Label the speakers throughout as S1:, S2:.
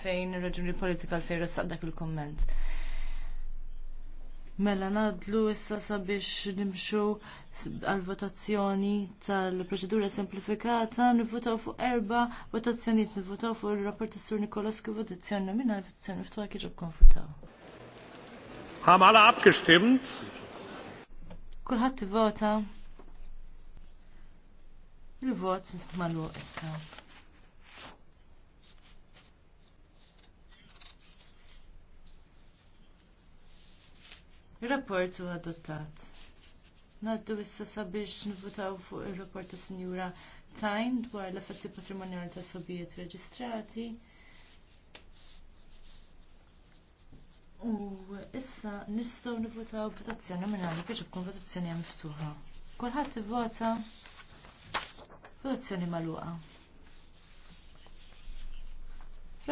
S1: fejn raġuni politika fejn rassaq dak il-komment. Mela nadlu issa sabiex nimxu għal-votazzjoni tal-proċedura semplifikata, nivvotaw fuq erba votazzjoniet, nivvotaw fuq il-rapport tas Sur Nikoloski votazzjoni nomina votazzjoni ftuħa kieġob konfutaw. Haben alle abgestimmt? Kulħadd vota. Il-vot malu issa. Il-rapport u adottat. Naddu issa sabiex nivutaw fuq il-rapport ta' Sinjura Tajn dwar l-effetti patrimonjali ta' sabijiet reġistrati. U issa nistgħu nivutaw votazzjoni minn biex tkun votazzjoni hija miftuħa. Kulħadd ivvota votazzjoni magħluqa.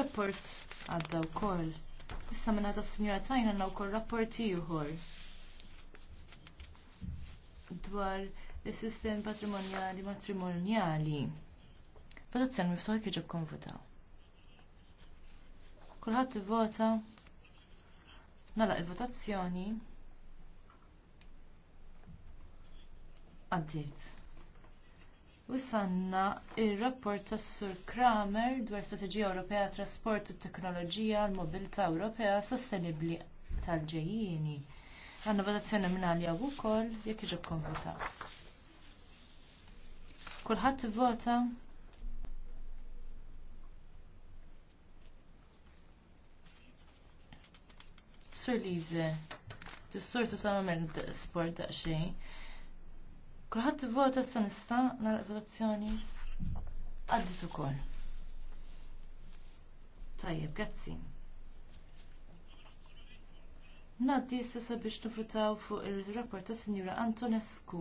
S1: Rapport għadda wkoll. Issa minna ta' signora tajna naw kol rapporti juħor dwar il-sistem patrimonjali matrimonjali. Votazzjoni miftuħa kieġu konvotaw. Kulħadd ivvota nagħlaq il-votazzjoni Għaddit. U r il-rapport tas Sur Kramer dwar Strategija Ewropea Trasport u Teknoloġija l mobilità Ewropea Sostenibbli tal-ġejjini. Għanna votazzjoni minn għalja u kol jek iġib konvota. Kulħadd vota Sur Lize, t-sur sama minn sport daqsxejn. Kulħadd vota sa nista nara votazzjoni għaddit ukoll. Tajjeb, grazzi. Naddi issa sabiex nifrutaw fuq ir-rapport ta' Sinjura Antonescu.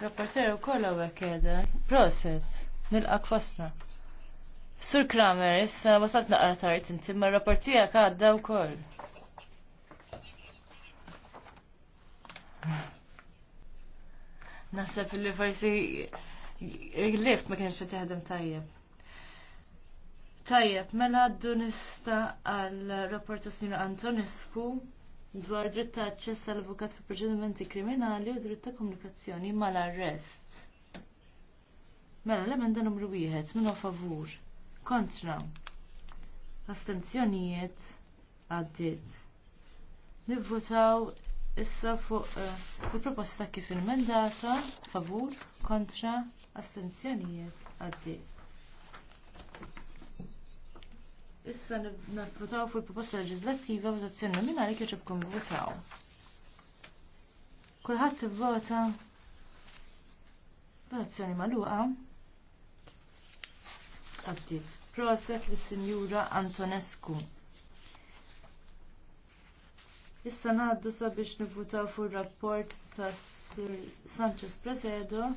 S1: Rapporter u kolla għek jeda. Proset, nil-għak Sur Kramer, issa wasalt naqra tard inti, ma rapportija għadda wkoll. Nasab li forsi il-lift ma kienx qed jaħdem tajjeb. Tajjeb, mela għaddu nista għal rapport Sina Antonescu dwar dritt ta' aċċess għal avukat fi proċedimenti kriminali u dritt ta' komunikazzjoni mal-arrest. Mela, l-emenda numru wieħed, minnu favur kontra astenzjonijiet għaddit. Nivvotaw issa fuq eh, il-proposta kif il-mendata, favur, kontra, astenzjonijiet, għaddiet. Issa nivvutaw fuq il-proposta leġislattiva votazzjoni nominali kif ġibkom votaw. Kulħadd ivvota votazzjoni magħluqa. Għaddit. Proset li Sinjura Antonescu. Issa naħaddu sabiex nifutaw fuq rapport ta' Sir Sanchez Presedo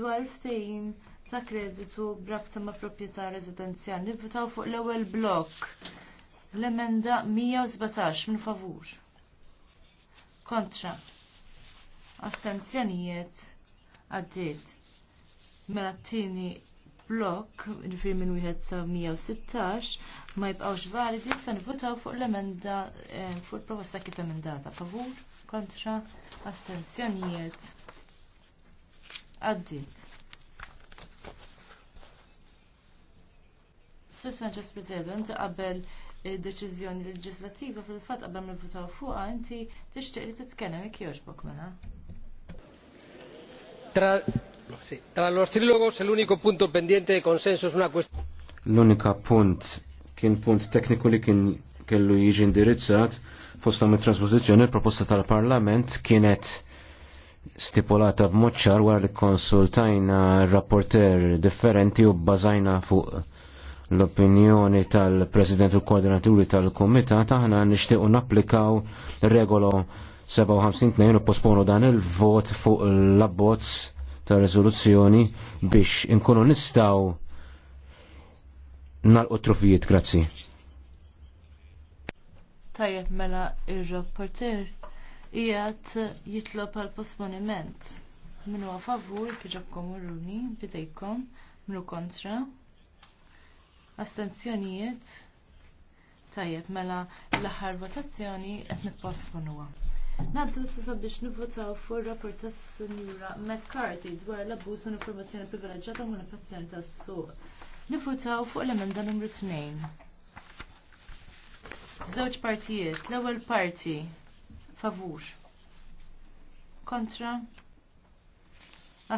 S1: dwar ftehim ta' kreditu brabta ma' proprjetà rezidenzjal. Nifutaw fuq l-ewwel blok. L-emenda 117 minn favur. Kontra. Astenzjonijiet għaddit. Mela t tini blok, ġifiri minn wieħed sa 116, ma jibqawx validi, se nivutaw fuq l-emenda, eh, fuq il-proposta kif emendata. Favur, kontra, astenzjonijiet. Għaddit. Susan ġas prezedu, inti qabel deċiżjoni leġislativa fil-fat qabel ma nivutaw fuqha inti tixtieq li titkellem jekk jogħġbok mela. L-unika punt kien punt tekniku li kien kellu jiġi indirizzat fosta mit il proposta tal-Parlament kienet stipulata b'moċċar wara li konsultajna rapporter differenti u bbażajna fuq l-opinjoni tal-President u koordinaturi tal-Komitat aħna nixtiequ napplikaw regolo 57 u posponu dan il-vot fuq l-abbozz ta' rezoluzzjoni biex inkunu nistaw nalqu trofijiet grazzi. Tajjeb mela ir-rapporter ijat jitlob għal posponiment. Minu a favur, kħiġabkom urruni, bidejkom, minu kontra. Astenzjonijiet, tajjeb mela l-ħar votazzjoni qed posponuwa. Naddu s-sisa biex nivvotaw fuq rapport ta' Senjura McCarthy dwar l-abbuż minn informazzjoni privileġġata minn informazzjoni ta' suq. Nivvotaw fuq l-emenda numru 2. Żewġ partijiet, l-ewwel parti favur. Kontra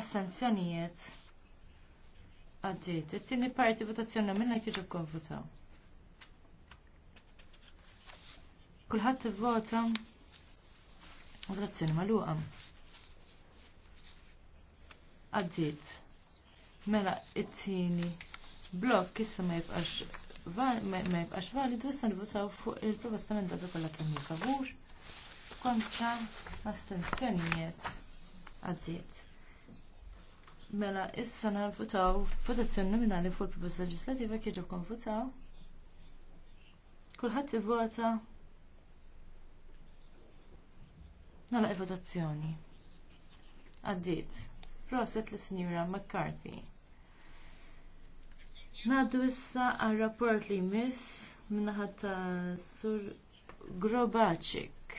S1: astenzjonijiet għaddiet. It-tieni parti votazzjoni minna kieġu konvotaw. Kulħadd t vota Votazzjoni maluqa. Għadżiet. Mela, it-tini blok issa ma jibqax ma jibqax valid u issa nivutaw fuq il-proposta mendata kollha kemm favur kontra astenzjonijiet għadżiet. Mela, issa nivutaw votazzjoni nominali fuq il-proposta leġislativa kieġu konvotaw? Kulħadd ivvota Nala votazzjoni. Għaddit. Proset l Sinjura McCarthy. Naddu issa għal rapport li miss minnaħata sur Grobaċik.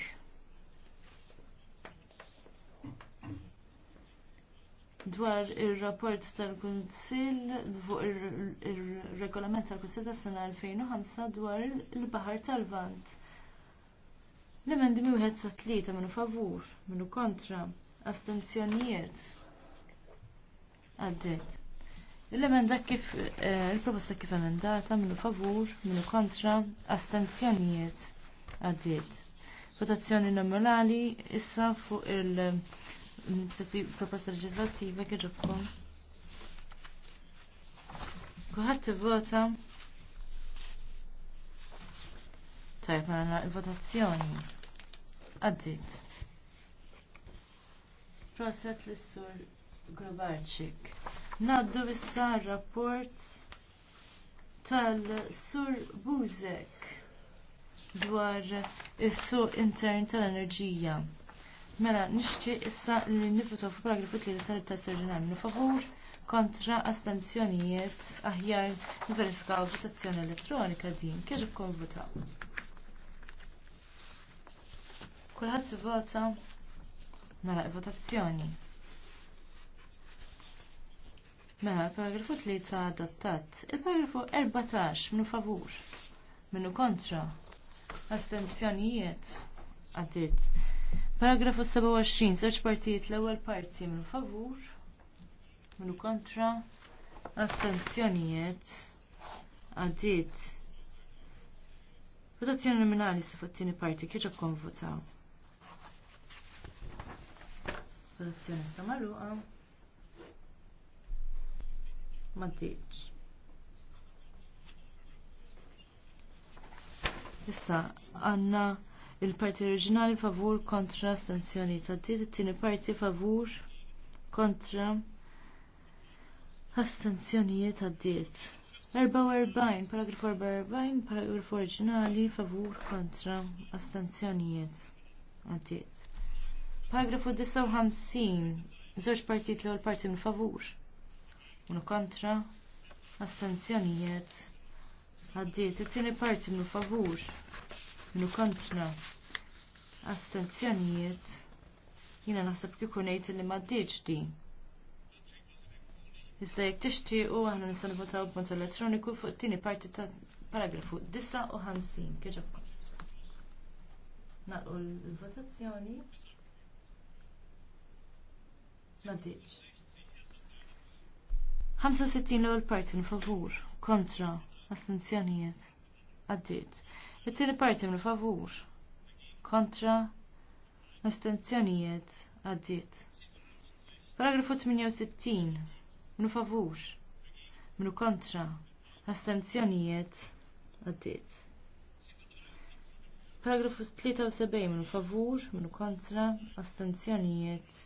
S1: dwar il-rapport tal-Kunsil fuq ir regolament tal-Kunsil tal sena 2005 dwar il-Bahar tal-Vant. L-emendi wieħed sa tlieta minnu favur, minnu kontra, astenzjonijiet. Għaddit. L-emenda kif, eh, il-proposta kif emendata, minnu favur, minnu kontra, astenzjonijiet. Għaddit. Votazzjoni nominali issa fuq il-proposta mm, legislativa kieġobkom. Kuħat vota. Tajb, għanna mela, mela, il-votazzjoni. Għaddit. Proset l-sur Grabarczyk. Naddu issa rapport tal-sur Buzek dwar is-suq intern tal-enerġija. Mela, nixċi issa li nifutu fuq paragrafu tlieta tal-test oriġinali favur kontra astenzjonijiet aħjar verifikaw votazzjoni elettronika din kiex ikkun votaw. Kulħadd vota nara votazzjoni. Mela, mela paragrafu ta' adottat. Il-paragrafu 14 minu favur, minu kontra, astenzjonijiet għaddit. Paragrafu 27, żewġ partijiet l-ewwel parti minu favur, minu kontra, astenzjonijiet għaddit. Votazzjoni nominali si fuq tieni parti kieġa konvotaw. votaw. Votazzjoni issa magħluqa. Ma tiġ. Issa għandna il-parti oriġinali favur kontra astensjoni ta' it-tieni parti favur kontra astensjonijiet għaddiet. 44, paragraf 44, paragraf oriġinali favur kontra astensjonijiet għaddiet. Paragrafu 59 żewġ partit l għol parti minn favur. Unu kontra astenzjonijiet għaddiet it-tieni parti minn favur. Unu kontra astenzjonijiet jina nasab kikunajt li maddiċ di. Issa jek tixti u għahna nisan votaw b'mod elettroniku fuq it-tieni parti ta' paragrafu 59 kieġabkom. Naqqu l-votazzjoni. Matiċ. 65 l-ewwel parti favur kontra astenzjonijiet għaddiet. It-tieni parti minn favur kontra astenzjonijiet għaddiet. Paragrafu 68 minn favur minn kontra astenzjonijiet għaddiet. Paragrafu 73 minn favur minn kontra astenzjonijiet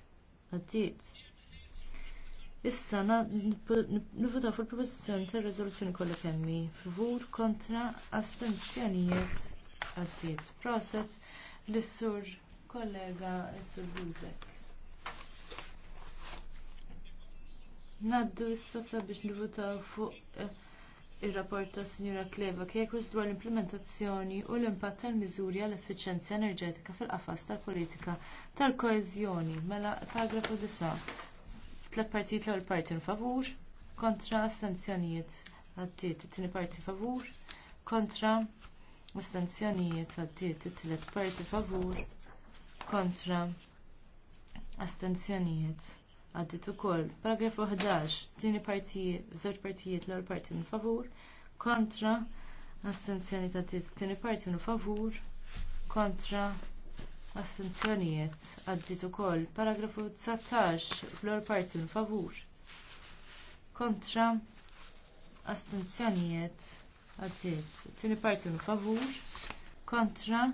S1: għaddit. Issa nifuta fuq il-proposizjoni ta' rezoluzzjoni kollha kemmi favur kontra astenzjonijiet għaddit. Proset l-sur kollega sur Buzek. Naddu issa sabiex nifuta fuq eh, ir-rapport ta' Sinjura Kleva Kekus dwar l-implementazzjoni u l-impatt tal-miżuri għall effiċenza enerġetika fil-qafas tal-politika tal-koeżjoni mela paragrafu 9. Tlet partijiet l-ewwel parti favur, kontra astenzjonijiet għaddiet it-tieni parti favur, kontra astenzjonijiet għaddiet it-tielet parti favur, kontra astenzjonijiet għaddit ukoll. Paragrafu 11, tieni partijiet, żewġ partijiet l-ewwel parti minn favur, kontra, astenzjoni ta' tieni parti minn favur, kontra, astenzjonijiet għaddit ukoll. Paragrafu 19, l-ewwel parti minn favur, kontra, astenzjonijiet għaddit. Tieni parti minn favur, kontra,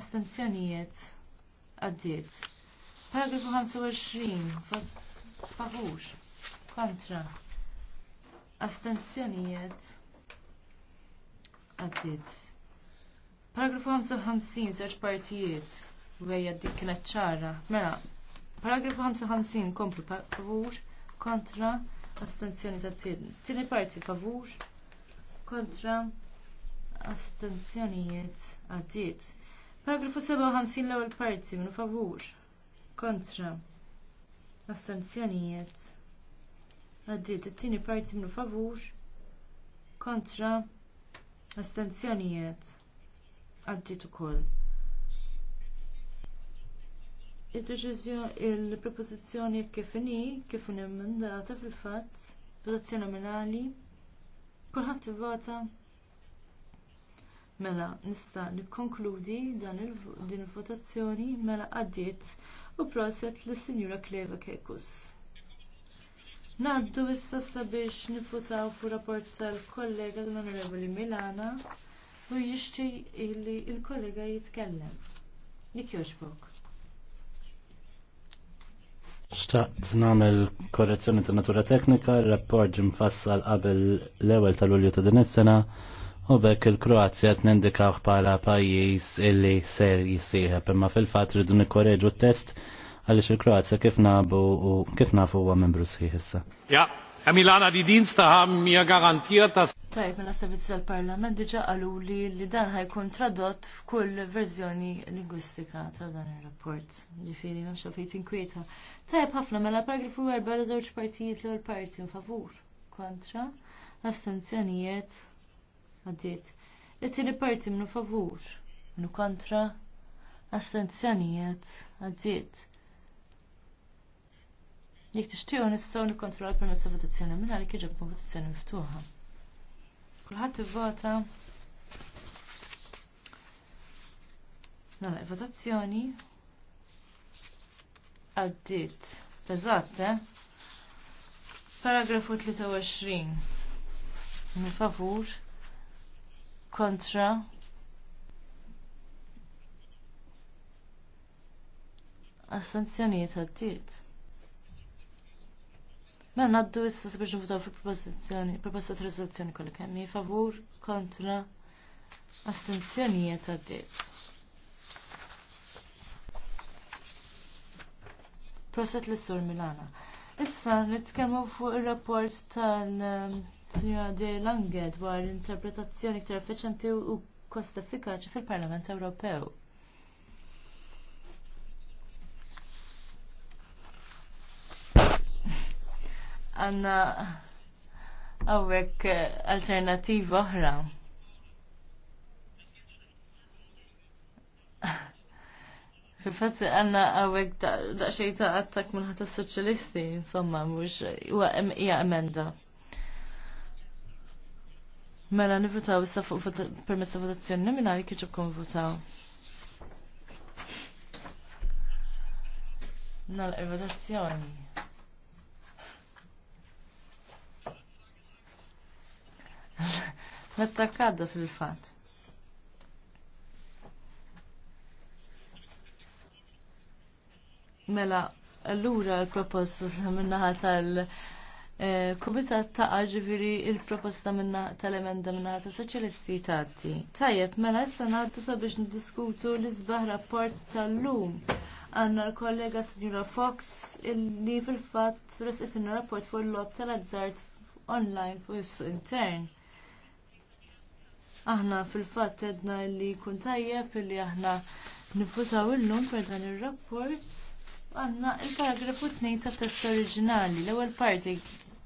S1: astenzjonijiet għaddit. Paragrafu 25, favur, kontra, astenzjonijiet, għaddit. Paragrafu 55, zaċ partijiet, wejja dik kienet ċara. Mela, paragrafu 55, komplu favur, kontra, astenzjoni ta' tidni. Tini parti favur, kontra, astenzjonijiet, għaddit. Paragrafu 57 l-ewwel parti minn favur, kontra astenzjonijiet għaddiet it-tieni parti minnu favur kontra astenzjonijiet għaddiet ukoll. Il-prepożizzjoni kif inhi kif inemendata fil-fatt votazzjoni nominali kulħadd ivvota mela nista' nikkonkludi dan il-votazzjoni mela għaddiet u proset li sinjura Kleva Kekus. Naddu issa sabiex nifutaw fu rapport tal-kollega l-Onorevoli Milana u jishti illi il-kollega jitkellem. Jek joġbok. Xtaqt namel korrezzjoni ta' natura teknika, il-rapport ġimfassal qabel l-ewel tal-ulju ta' din is-sena u bekk il-Kroazja t-nindikaw bħala pajis illi ser jisieħeb imma fil-fat ridu nikkoreġu t-test għalix il-Kroazja kif nabu u kif nafu huwa membru sħiħ issa. Ja, Herr Milana, die Dienste haben mir garantiert, dass... Tajb, minna servizzi l parlament diġa għalu li li dan ħajkun tradott f'kull verżjoni lingwistika ta' dan il-rapport. Ġifiri, minn xafejt inkwieta. Tajb, ħafna, mela paragrafu l żewġ partijiet l-għol parti favur. Kontra, astenzjonijiet, għaddit. It-tieni parti minnu favur, minnu kontra, assenzjonijiet għaddit. Jek tixtiju nistgħu nikkontrolla għal-permessa votazzjoni minn għalik iġabkom votazzjoni miftuħa. Kulħadd ivvota nalaj votazzjoni għaddit. Beżatt, eh? Paragrafu 23. Mi favur kontra assenzjonijiet għaddit. Mela naddu issa sabiex nifutaw fi propożizzjoni, proposta ta' risoluzzjoni kollha kemm favur kontra astenzjonijiet għaddiet. Proset l-Sur Milana. Issa nitkellmu fuq ir-rapport tal- Sinjora De Lange dwar l-interpretazzjoni iktar effiċenti u kost effikaċi fil-Parlament Ewropew. Għanna għawek eh, alternativ oħra. Fil-fat għanna għawek daċċej ta' attak minnħat s soċjalisti, insomma, mux, huwa hija emenda. Mela nivutaw issa fuq permess ta' votazzjoni nominali kif ikun votaw. Nal e votazzjoni. Attaccata fil fatt Mela, allura l-proposta minnaħa tal- Eh, Kumitat ta' ġiviri il-proposta minna tal-emenda minna ta' soċjalisti tati. Tajjeb, mela issa naddu sabiex ndiskutu l-izbaħ rapport tal-lum. Għanna l-kollega Signora Fox li fil-fat resqitina rapport fuq l-lob tal-azzart online fuq is intern. Aħna fil-fat edna li kun tajjeb illi aħna nifutaw il-lum per dan il-rapport. Għanna il-paragrafu 2 ta' test oriġinali, l-ewel parti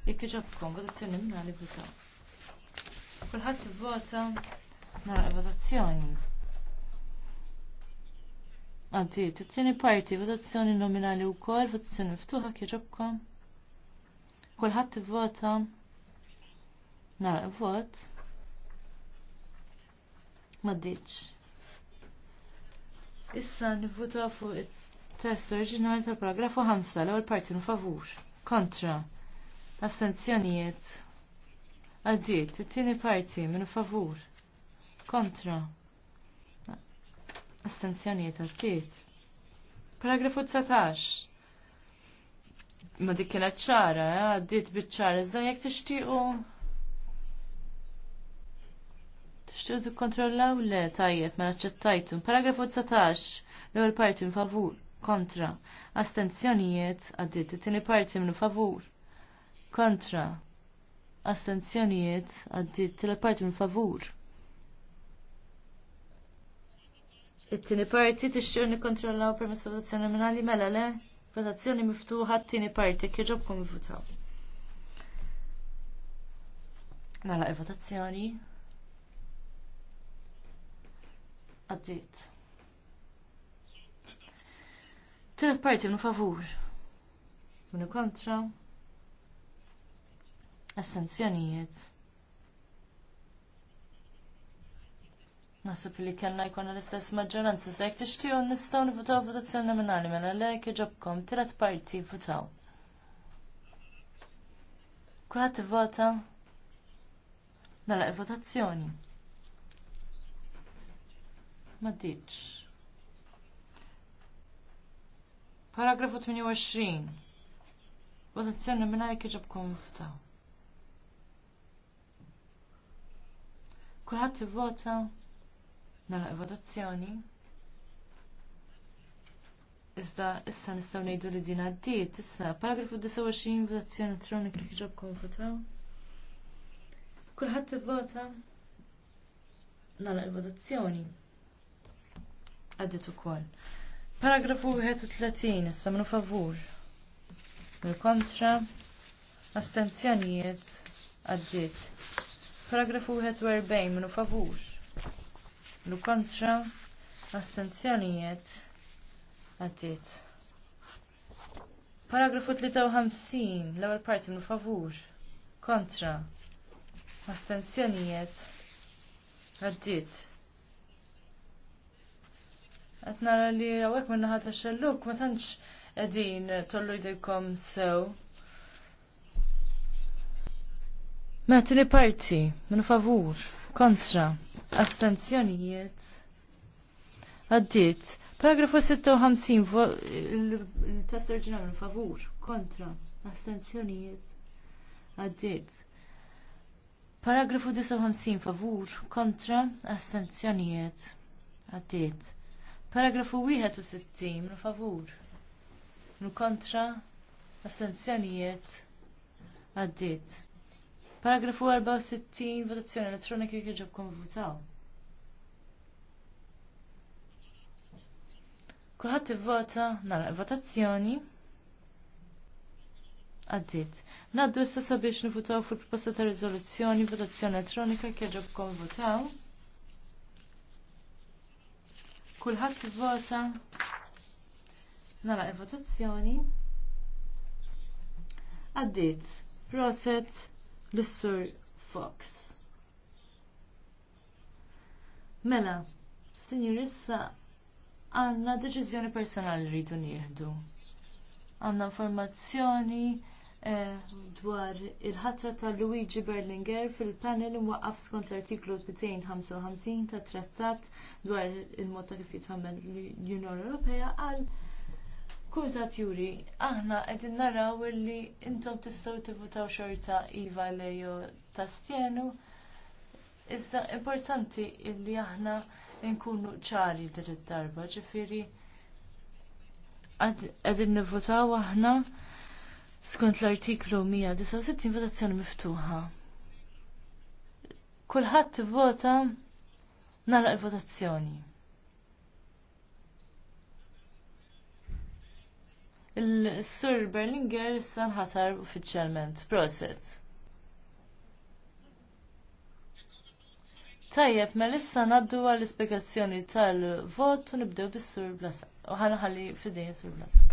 S1: Jekk iġobkom votazzjoni minna li vota. Kulħadd vota nara votazzjoni. Għaddi, t-tini parti, votazzjoni nominali u kol, votazzjoni miftuħa, kieġobkom. Kulħadd vota nara vot. Maddiċ. Issa nivvuta fuq it-test oriġinali tal-paragrafu 5 l-ewwel parti favur. Kontra. Astenzjonijiet. Għaddit, it-tieni parti minn favur. Kontra. Astenzjonijiet għaddit. Paragrafu 19. Ma dik kienet ċara, eh? għaddit bitċara, zda jek tixtiqu. Tixtiqu tikkontrollaw le tajjeb, ma naċċettajtum. Paragrafu 19. l għol parti minn favur. Kontra. Astenzjonijiet għaddit, it-tieni parti minn favur kontra astenzjonijiet għaddi t parti minn favur. It-tini parti tixtieq nikkontrollaw permezz votazzjoni nominali mela le votazzjoni miftuħa t-tieni parti kif ġobkom ivvutaw. Nagħlaq e votazzjoni Għaddiet. Tilet parti minn favur. Minn kontra. Essenzjonijiet Nasib li kellna jkun l-istess maġġoranza se jekk tixtiju nistgħu nivutaw votazzjoni nominali mela lejk iġobkom tielet parti votaw. Kulħadd ivvota nalaq mela, il-votazzjoni. Ma ditx. Paragrafu 28. Votazzjoni nominali kieġobkom votaw. Kulħadd ivvota nara votazzjoni. Iżda issa nistgħu ngħidu li din għaddiet, issa paragrafu 29 votazzjoni elettronika kif ġob konfutaw. Kulħadd ivvota nagħlaq il-votazzjoni. Għaddiet ukoll. Paragrafu 31, issa minu favur. Mil kontra, astenzjonijiet għaddiet. Paragrafu 41 minu favur. lu kontra astenzjonijiet għaddit. Paragrafu 53 l-ewwel parti minu favur. Kontra astenzjonijiet għaddit. Qed nara li hawnhekk min-naħa tax xelluk ma tantx qegħdin tollu jdejkom sew. So. Meta li parti, minn favur, kontra, astenzjonijiet. Għaddit, paragrafu 56, il-test oriġinali minn favur, kontra, astenzjonijiet. Għaddit. Paragrafu 59, favur, kontra, astenzjonijiet. Għaddit. Paragrafu 61, minn favur, minn kontra, astenzjonijiet. Għaddit. Paragrafu 64, votazzjoni elettronika kif ġobkom votaw. Kulħadd ivvota nagħlaq votazzjoni. Għaddit. Naddu issa sabiex nifutaw fil proposta ta' riżoluzzjoni votazzjoni elettronika kif ġobkom votaw. Kulħadd ivvota nagħlaq votazzjoni. Għaddit. Proset l-Sur Fox. Mela, signorissa, għanna deċiżjoni personali rridu nieħdu. Għanna informazzjoni eh, dwar il-ħatra ta' Luigi Berlinger fil-panel imwaqqaf skont l-artiklu 255 ta' trattat dwar il-mod ta' kif jitħammel l-Unjoni Ewropea għal Skużat juri, aħna qegħdin naraw li intom tistgħu tivutaw xorta iva lejo ta' Iżda importanti illi aħna nkunu ċari dir id-darba, ġifieri qegħdin nivvotaw aħna skont l-artiklu 169 votazzjoni miftuħa. Kulħadd ivvota nara l-votazzjoni. il-Sur Berlinger issa nħatar uffiċjalment. Proset. Tajjeb, ma mela issa naddu għall-ispiegazzjoni tal-vot u nibdew bis-Sur Blasa. U ħalli fidejn Sur Blasa.